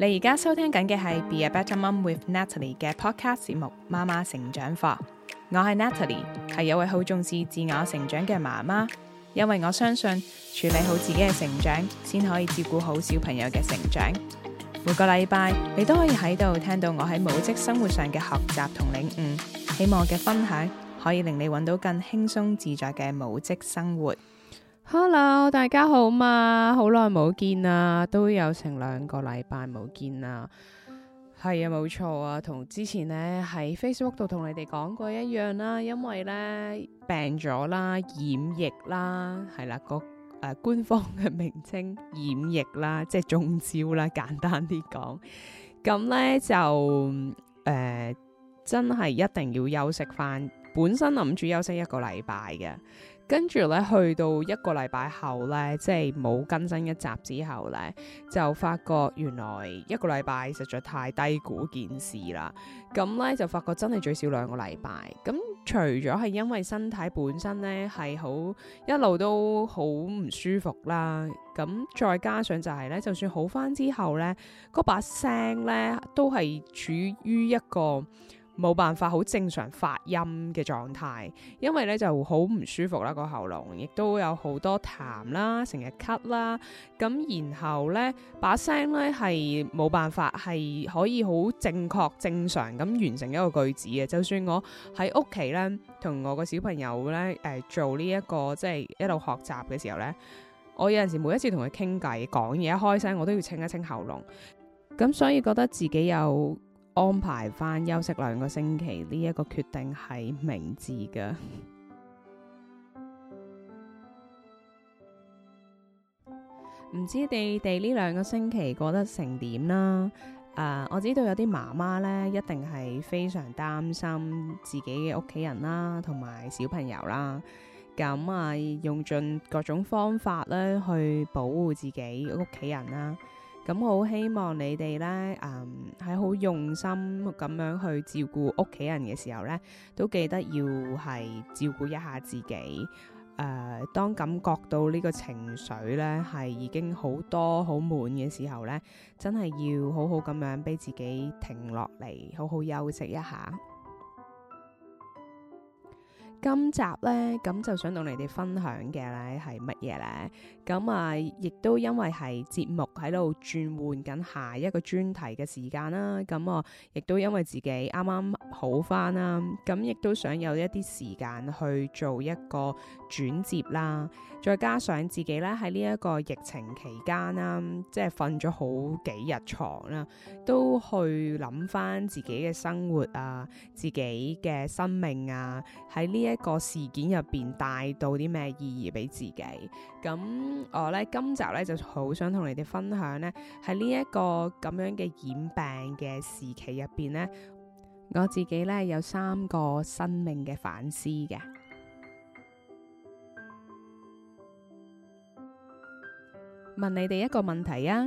你而家收聽緊嘅係《Be a Better Mom with Natalie》嘅 Podcast 節目《媽媽成長課》，我係 Natalie，係有位好重視自我成長嘅媽媽，因為我相信處理好自己嘅成長，先可以照顧好小朋友嘅成長。每個禮拜你都可以喺度聽到我喺母職生活上嘅學習同領悟，希望我嘅分享可以令你揾到更輕鬆自在嘅母職生活。Hello，大家好嘛，好耐冇見啦，都有成兩個禮拜冇見啦，係啊，冇錯啊，同之前呢喺 Facebook 度同你哋講過一樣啦，啊，因為呢病咗啦，染疫啦，係啦個誒官方嘅名稱染疫啦，即係中招啦，簡單啲講，咁呢就誒，呃、真係一定要休息返，本身諗住休息一個禮拜嘅。跟住咧，去到一個禮拜後咧，即係冇更新一集之後咧，就發覺原來一個禮拜實在太低估件事啦。咁咧就發覺真係最少兩個禮拜。咁，嗯，除咗係因為身體本身咧係好一路都好唔舒服啦，咁，嗯，再加上就係咧，就算好返之後咧，嗰把聲咧都係處於一個冇辦法好正常發音嘅狀態，因為咧就好唔舒服啦，那個喉嚨，亦都有好多痰啦，成日咳啦，咁然後咧把聲咧係冇辦法係可以好正確正常咁完成一個句子嘅。就算我喺屋企咧同我個小朋友咧誒、呃、做呢、這個、一個即係一路學習嘅時候咧，我有陣時每一次同佢傾偈講嘢一開聲，我都要清一清喉嚨，咁所以覺得自己有。安排返休息兩個星期，呢一個決定係明智嘅。唔 知你哋呢兩個星期過得成點啦、呃？我知道有啲媽媽咧，一定係非常擔心自己嘅屋企人啦，同埋小朋友啦。咁啊，用盡各種方法咧去保護自己屋企人啦。咁我好希望你哋咧，嗯，係好用心咁樣去照顧屋企人嘅時候呢，都記得要係照顧一下自己。誒、呃，當感覺到呢個情緒呢係已經好多好滿嘅時候呢，真係要好好咁樣俾自己停落嚟，好好休息一下。今集咧，咁就想同你哋分享嘅咧係乜嘢咧？咁啊，亦都因為係節目喺度轉換緊下一個專題嘅時間啦。咁啊，亦都因為自己啱啱好翻啦啊咁亦都想有一啲時間去做一個轉接啦。再加上自己咧喺呢一個疫情期間啦，即係瞓咗好幾日床啦，都去諗翻自己嘅生活啊，自己嘅生命啊，喺呢。一個事件入邊帶到啲咩意義俾自己。咁我咧今集咧就好想同你哋分享咧，喺呢一個咁樣嘅染病嘅時期入邊咧，我自己咧有三個生命嘅反思嘅。問你哋一個問題啊！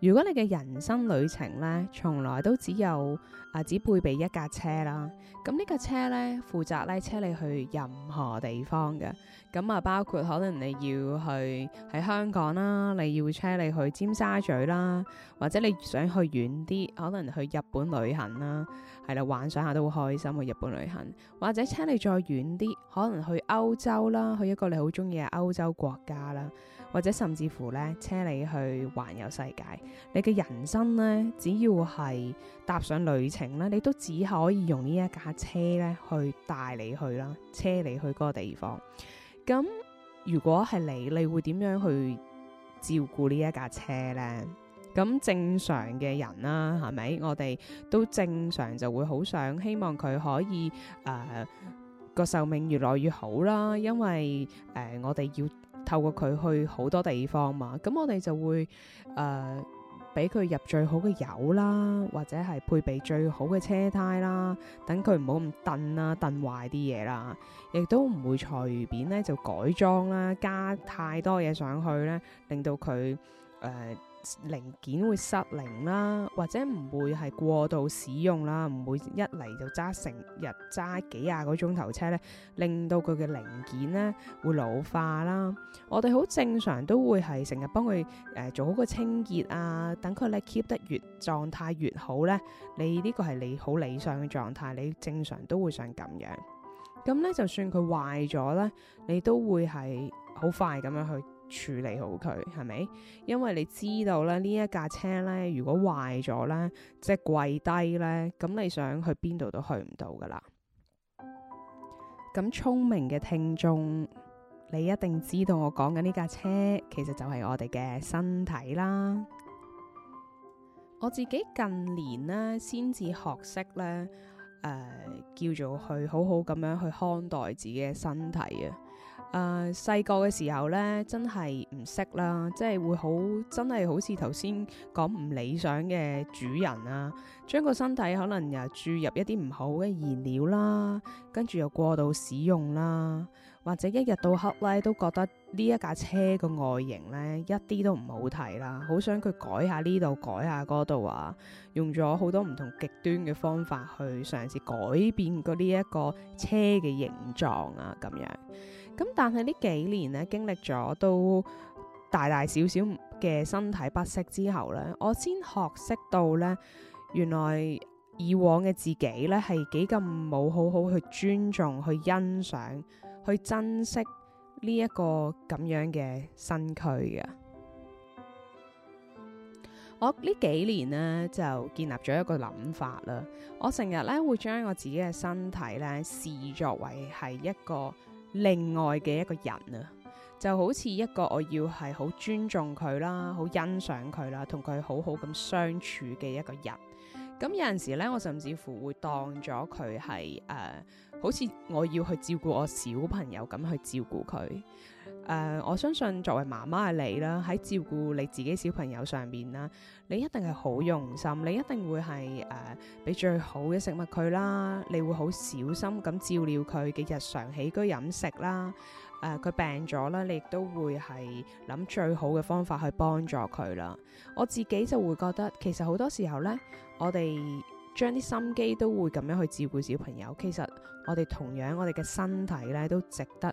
如果你嘅人生旅程呢，從來都只有啊，只配備一架車啦。咁呢架車呢，負責呢車你去任何地方嘅。咁、嗯、啊，包括可能你要去喺香港啦，你要車你去尖沙咀啦，或者你想去遠啲，可能去日本旅行啦。係啦，幻想下都好開心去日本旅行，或者車你再遠啲，可能去歐洲啦，去一個你好中意嘅歐洲國家啦，或者甚至乎咧，車你去環遊世界。你嘅人生咧，只要係搭上旅程咧，你都只可以用呢一架車咧去帶你去啦，車你去嗰個地方。咁如果係你，你會點樣去照顧呢一架車咧？咁正常嘅人啦，係咪？我哋都正常就會好想希望佢可以誒個壽命越來越好啦，因為誒、呃、我哋要透過佢去好多地方嘛。咁我哋就會誒俾佢入最好嘅油啦，或者係配備最好嘅車胎啦，等佢唔好咁掟啦，掟壞啲嘢啦，亦都唔會隨便咧就改裝啦，加太多嘢上去咧，令到佢誒。呃零件會失靈啦，或者唔會係過度使用啦，唔會一嚟就揸成日揸幾廿個鐘頭車咧，令到佢嘅零件咧會老化啦。我哋好正常都會係成日幫佢誒做好個清潔啊，等佢咧 keep 得越狀態越好咧。你呢個係你好理想嘅狀態，你正常都會想咁樣。咁咧就算佢壞咗咧，你都會係好快咁樣去。處理好佢，係咪？因為你知道咧，呢一架車咧，如果壞咗咧，即係跪低咧，咁你想去邊度都去唔到噶啦。咁聰明嘅聽眾，你一定知道我講緊呢架車，其實就係我哋嘅身體啦。我自己近年呢，先至學識咧，誒、呃，叫做去好好咁樣去看待自己嘅身體啊。誒細個嘅時候咧，真係唔識啦，即係會好真係好似頭先講唔理想嘅主人啊，將個身體可能又注入一啲唔好嘅燃料啦，跟住又過度使用啦，或者一日到黑咧都覺得呢一架車嘅外形咧一啲都唔好睇啦，好想佢改下呢度改下嗰度啊，用咗好多唔同極端嘅方法去嘗試改變個呢一個車嘅形狀啊，咁樣。咁，但係呢幾年咧，經歷咗都大大小小嘅身體不適之後咧，我先學識到咧，原來以往嘅自己咧係幾咁冇好好去尊重、去欣賞、去珍惜呢、這、一個咁樣嘅身軀嘅。我呢幾年咧就建立咗一個諗法啦。我成日咧會將我自己嘅身體咧視作為係一個。另外嘅一個人啊，就好似一個我要係好尊重佢啦，好欣賞佢啦，同佢好好咁相處嘅一個人。咁有陣時呢，我甚至乎會當咗佢係誒，好似我要去照顧我小朋友咁去照顧佢。誒，uh, 我相信作為媽媽嘅你啦，喺照顧你自己小朋友上面啦，你一定係好用心，你一定會係誒俾最好嘅食物佢啦，你會好小心咁照料佢嘅日常起居飲食啦。誒、啊，佢病咗啦，你亦都會係諗最好嘅方法去幫助佢啦。我自己就會覺得，其實好多時候呢，我哋將啲心機都會咁樣去照顧小朋友，其實我哋同樣我哋嘅身體呢都值得，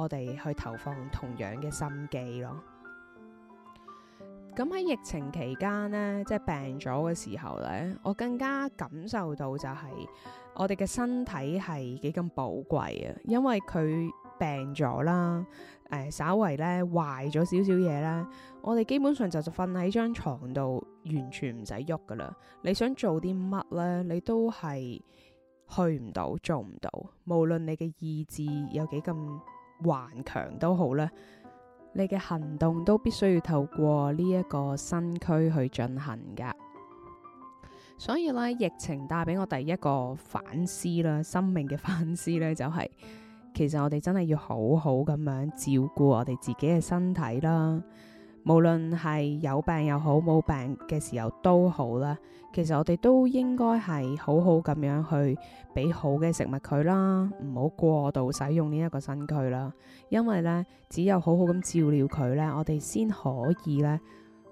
我哋去投放同樣嘅心機咯。咁喺疫情期間呢，即係病咗嘅時候呢，我更加感受到就係我哋嘅身體係幾咁寶貴啊。因為佢病咗啦，誒、呃、稍為咧壞咗少少嘢咧，我哋基本上就就瞓喺張床度，完全唔使喐噶啦。你想做啲乜咧，你都係去唔到，做唔到，無論你嘅意志有幾咁頑強都好啦，你嘅行動都必須要透過呢一個身軀去進行噶。所以咧，疫情帶俾我第一個反思啦，生命嘅反思咧，就是，就係其實我哋真係要好好咁樣照顧我哋自己嘅身體啦。無論係有病又好，冇病嘅時候都好啦。其實我哋都應該係好好咁樣去俾好嘅食物佢啦，唔好過度使用呢一個身軀啦。因為咧，只有好好咁照料佢咧，我哋先可以咧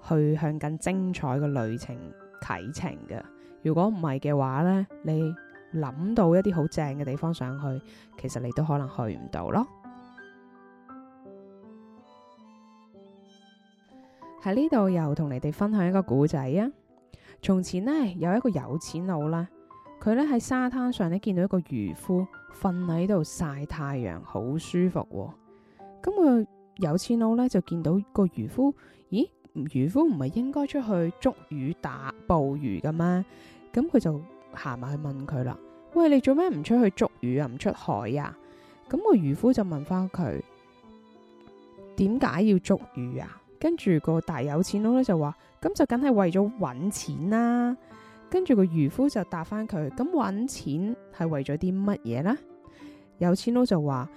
去向更精彩嘅旅程啟程嘅。如果唔係嘅話咧，你諗到一啲好正嘅地方上去，其實你都可能去唔到咯。喺呢度又同你哋分享一個故仔啊！從前呢，有一個有錢佬啦，佢咧喺沙灘上咧見到一個漁夫瞓喺度曬太陽，好舒服、啊。咁、嗯，那個有錢佬咧就見到個漁夫，咦？漁夫唔係應該出去捉魚打捕魚㗎咩？咁佢就行埋去問佢啦，喂，你做咩唔出去捉魚啊？唔出海呀？咁個漁夫就問返佢：點解要捉魚啊？跟住個大有錢佬咧就話，咁就梗係為咗揾錢啦。跟住個漁夫就答翻佢，咁揾錢係為咗啲乜嘢咧？有錢佬就話，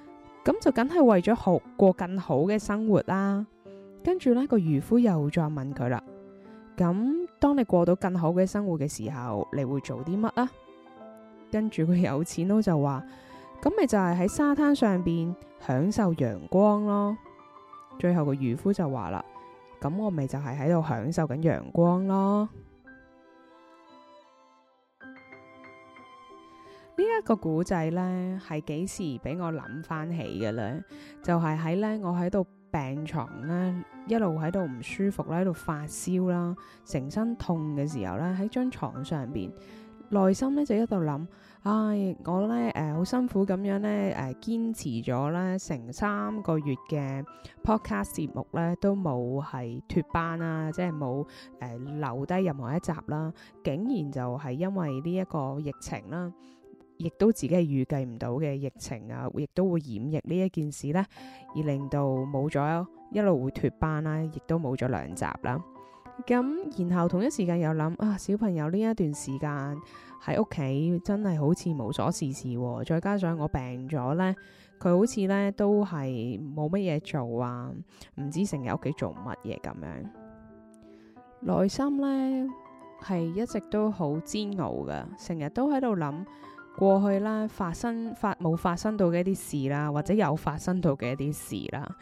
咁就梗係為咗好過更好嘅生活啦。跟住呢個漁夫又再問佢啦，咁當你過到更好嘅生活嘅時候，你會做啲乜啊？跟住個有錢佬就話，咁咪就係喺沙灘上邊享受陽光咯。最後個漁夫就話啦。咁我咪就係喺度享受緊陽光咯。呢一個古仔咧，係幾時俾我諗翻起嘅咧？就係喺咧我喺度病床咧，一路喺度唔舒服啦，喺度發燒啦，成身痛嘅時候咧，喺張床上邊。內心呢就一度諗，唉、哎，我呢，誒、呃、好辛苦咁樣呢，誒、呃、堅持咗呢成三個月嘅 podcast 節目呢，都冇係脫班啦，即係冇誒留低任何一集啦，竟然就係因為呢一個疫情啦，亦都自己係預計唔到嘅疫情啊，亦都會染疫呢一件事呢，而令到冇咗一路會脫班啦，亦都冇咗兩集啦。咁，然後同一時間又諗啊，小朋友呢一段時間喺屋企，真係好似無所事事，啊，再加上我病咗呢，佢好似呢都係冇乜嘢做啊，唔知成日屋企做乜嘢咁樣。內心呢係一直都好煎熬噶，成日都喺度諗過去啦，發生發冇發生到嘅一啲事啦，啊，或者有發生到嘅一啲事啦，啊，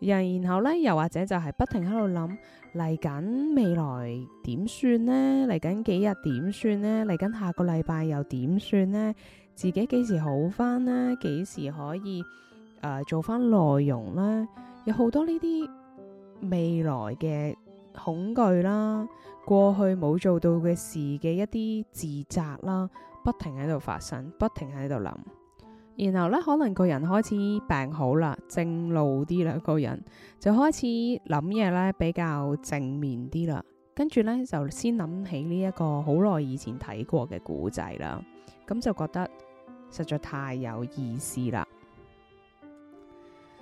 又然後呢，又或者就係不停喺度諗。嚟緊未來點算呢？嚟緊幾日點算呢？嚟緊下個禮拜又點算呢？自己幾時好翻呢？幾時可以誒、呃、做翻內容呢？有好多呢啲未來嘅恐懼啦，過去冇做到嘅事嘅一啲自責啦，不停喺度發生，不停喺度諗。然後咧，可能個人開始病好啦，正路啲啦，個人就開始諗嘢咧，比較正面啲啦。跟住咧，就先諗起呢一個好耐以前睇過嘅故仔啦。咁就覺得實在太有意思啦。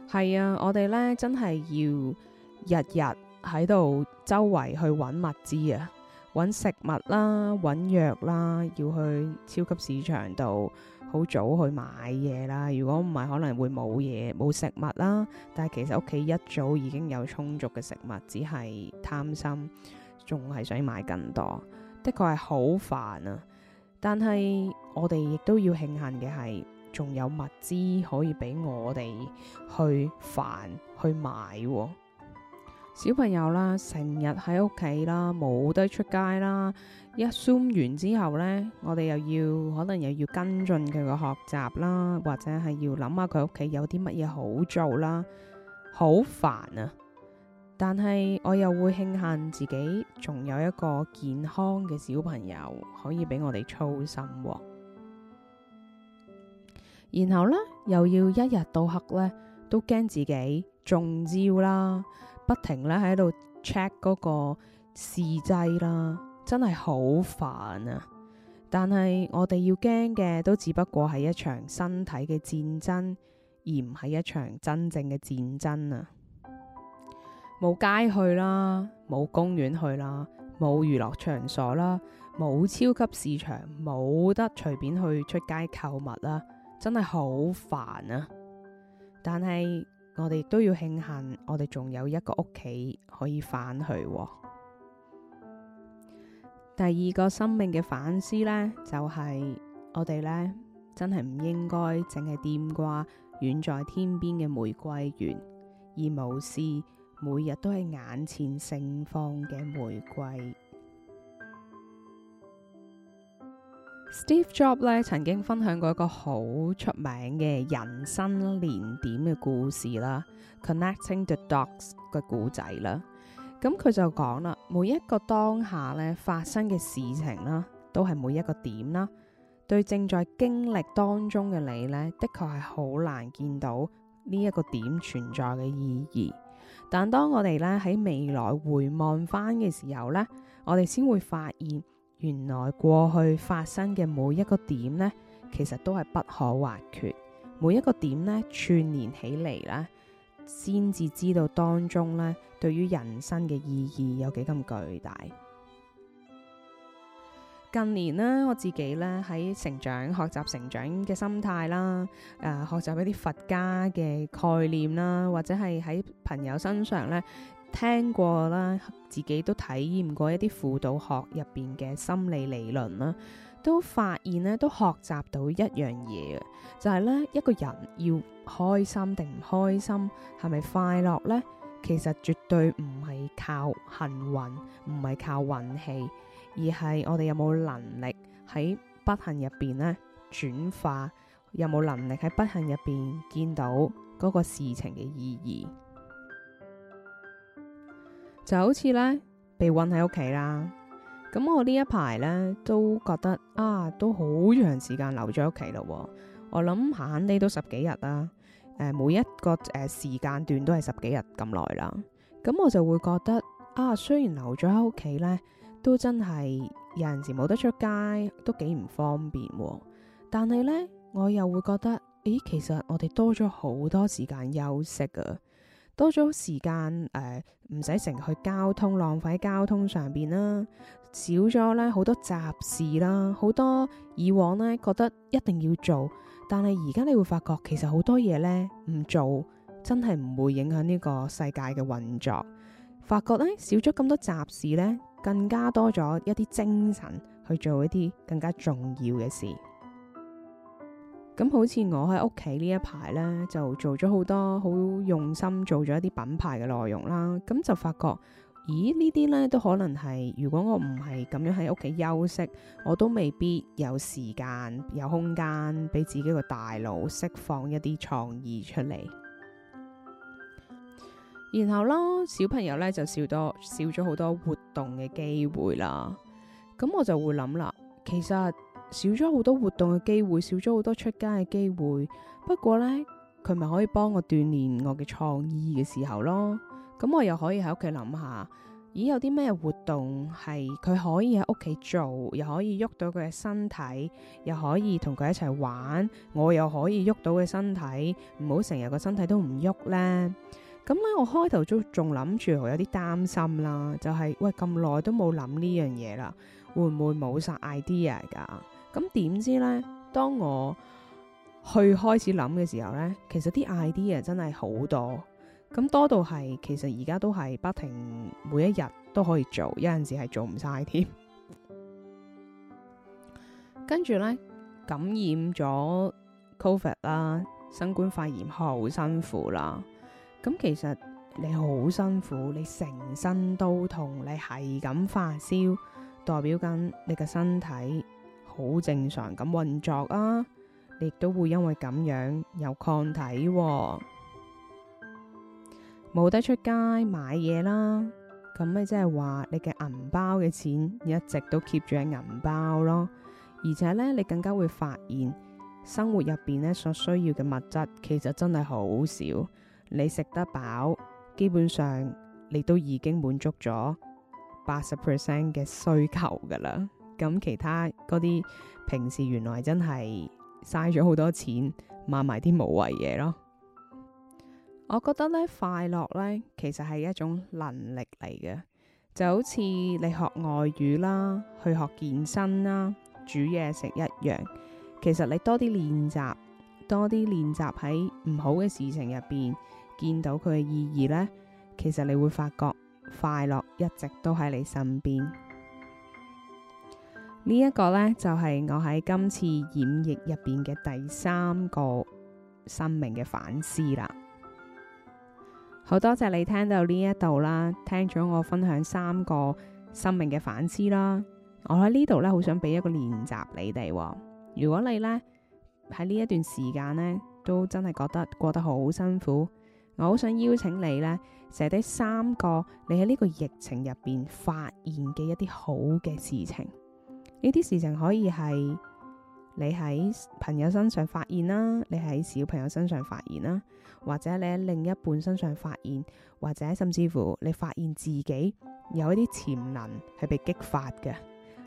係啊，我哋咧真係要日日喺度周圍去揾物資啊，揾食物啦，揾藥啦，要去超級市場度。好早去買嘢啦，如果唔係可能會冇嘢冇食物啦。但係其實屋企一早已經有充足嘅食物，只係貪心，仲係想買更多。的確係好煩啊！但係我哋亦都要慶幸嘅係，仲有物資可以俾我哋去煩去買喎啊。小朋友啦，成日喺屋企啦，冇得出街啦。一 zoom 完之後呢，我哋又要可能又要跟進佢嘅學習啦，或者係要諗下佢屋企有啲乜嘢好做啦，好煩啊！但係我又會慶幸自己仲有一個健康嘅小朋友可以俾我哋操心，然後呢又要一日到黑呢，都驚自己中招啦。不停咧喺度 check 嗰個試劑啦，真係好煩啊！但係我哋要驚嘅都只不過係一場身體嘅戰爭，而唔係一場真正嘅戰爭啊！冇街去啦，冇公園去啦，冇娛樂場所啦，冇超級市場，冇得隨便去出街購物啦，真係好煩啊！但係，我哋都要慶幸，我哋仲有一個屋企可以返去。第二個生命嘅反思呢，就係我哋呢，真係唔應該淨係惦掛遠在天邊嘅玫瑰園，而無視每日都喺眼前盛放嘅玫瑰。Steve Jobs 咧，曾經分享過一個好出名嘅人生連點嘅故事啦，Connecting the Dots 嘅故仔啦。咁、嗯、佢就講啦，每一個當下咧，發生嘅事情啦，都係每一個點啦。對正在經歷當中嘅你咧，的確係好難見到呢一個點存在嘅意義。但當我哋咧，喺未來回望翻嘅時候咧，我哋先會發現。原來過去發生嘅每一個點呢，其實都係不可或缺。每一個點呢，串連起嚟啦，先至知道當中呢，對於人生嘅意義有幾咁巨大。近年呢，我自己咧喺成長、學習成長嘅心態啦，誒、呃，學習一啲佛家嘅概念啦，或者係喺朋友身上咧。聽過啦，自己都體驗過一啲輔導學入邊嘅心理理論啦，都發現咧，都學習到一樣嘢就係咧，一個人要開心定唔開心，係咪快樂呢？其實絕對唔係靠幸運，唔係靠運氣，而係我哋有冇能力喺不幸入邊咧轉化，有冇能力喺不幸入邊見到嗰個事情嘅意義。就好似呢，被困喺屋企啦，咁我呢一排呢，都覺得啊，都好長時間留咗喺屋企咯。我諗閒閒地都十幾日啦，誒、呃、每一個誒、呃、時間段都係十幾日咁耐啦。咁我就會覺得啊，雖然留咗喺屋企呢，都真係有陣時冇得出街都幾唔方便，但係呢，我又會覺得，誒、欸、其實我哋多咗好多時間休息啊。多咗時間誒，唔使成日去交通浪費喺交通上面啦，少咗咧好多雜事啦，好多以往咧覺得一定要做，但係而家你會發覺其實好多嘢咧唔做真係唔會影響呢個世界嘅運作。發覺咧少咗咁多雜事咧，更加多咗一啲精神去做一啲更加重要嘅事。咁好似我喺屋企呢一排呢，就做咗好多好用心，做咗一啲品牌嘅內容啦。咁就發覺，咦，呢啲呢都可能係，如果我唔係咁樣喺屋企休息，我都未必有時間、有空間俾自己個大腦釋放一啲創意出嚟。然後啦，小朋友呢，就少多、少咗好多活動嘅機會啦。咁我就會諗啦，其實。少咗好多活動嘅機會，少咗好多出街嘅機會。不過呢，佢咪可以幫我鍛煉我嘅創意嘅時候咯。咁我又可以喺屋企諗下，咦，有啲咩活動係佢可以喺屋企做，又可以喐到佢嘅身體，又可以同佢一齊玩，我又可以喐到嘅身體，唔好成日個身體都唔喐呢。咁咧，我開頭都仲諗住，我有啲擔心啦，就係：喂，咁耐都冇諗呢樣嘢啦，會唔會冇晒 idea 噶？咁點知呢？當我去開始諗嘅時候呢，其實啲 idea 真係好多，咁多到係其實而家都係不停，每一日都可以做，有陣時係做唔晒添。跟住呢，感染咗 COVID 啦，新冠肺炎好辛苦啦。咁其實你好辛苦，你成身都痛，你係咁發燒，代表緊你嘅身體。好正常咁運作啊，你都會因為咁樣有抗體啊，冇得出街買嘢啦。咁咪即係話你嘅銀包嘅錢一直都 keep 住喺銀包咯，而且咧你更加會發現生活入邊咧所需要嘅物質其實真係好少，你食得飽，基本上你都已經滿足咗八十 percent 嘅需求噶啦。咁其他嗰啲平時原來真係嘥咗好多錢買埋啲無謂嘢咯。我覺得呢快樂呢其實係一種能力嚟嘅，就好似你學外語啦、去學健身啦、煮嘢食一樣。其實你多啲練習，多啲練習喺唔好嘅事情入邊見到佢嘅意義呢，其實你會發覺快樂一直都喺你身邊。呢一個呢，就係我喺今次染疫入邊嘅第三個生命嘅反思啦。好多謝你聽到呢一度啦，聽咗我分享三個生命嘅反思啦。我喺呢度呢，好想俾一個練習你哋。如果你呢，喺呢一段時間呢，都真係覺得過得好辛苦，我好想邀請你呢，寫低三個你喺呢個疫情入邊發現嘅一啲好嘅事情。呢啲事情可以係你喺朋友身上發現啦，你喺小朋友身上發現啦，或者你喺另一半身上發現，或者甚至乎你發現自己有一啲潛能係被激發嘅，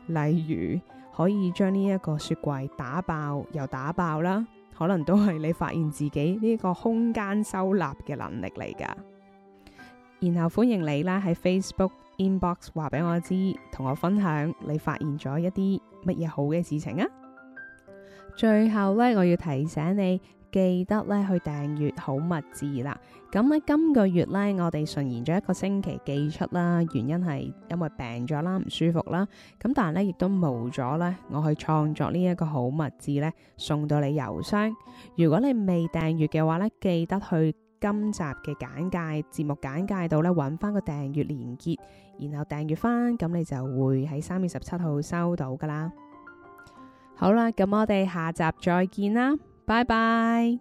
例如可以將呢一個雪櫃打爆又打爆啦，可能都係你發現自己呢個空間收納嘅能力嚟噶。然後歡迎你啦喺 Facebook。Inbox 話俾我知，同我分享你發現咗一啲乜嘢好嘅事情啊！最後咧，我要提醒你，記得咧去訂閱好物志啦。咁咧，今個月咧，我哋順延咗一個星期寄出啦。原因係因為病咗啦，唔舒服啦。咁但係咧，亦都冇咗咧，我去創作呢一個好物志咧，送到你郵箱。如果你未訂閱嘅話咧，記得去。今集嘅簡介節目簡介度揾翻個訂閱連結，然後訂閱翻，咁你就會喺三月十七號收到噶啦。好啦，咁我哋下集再見啦，拜拜。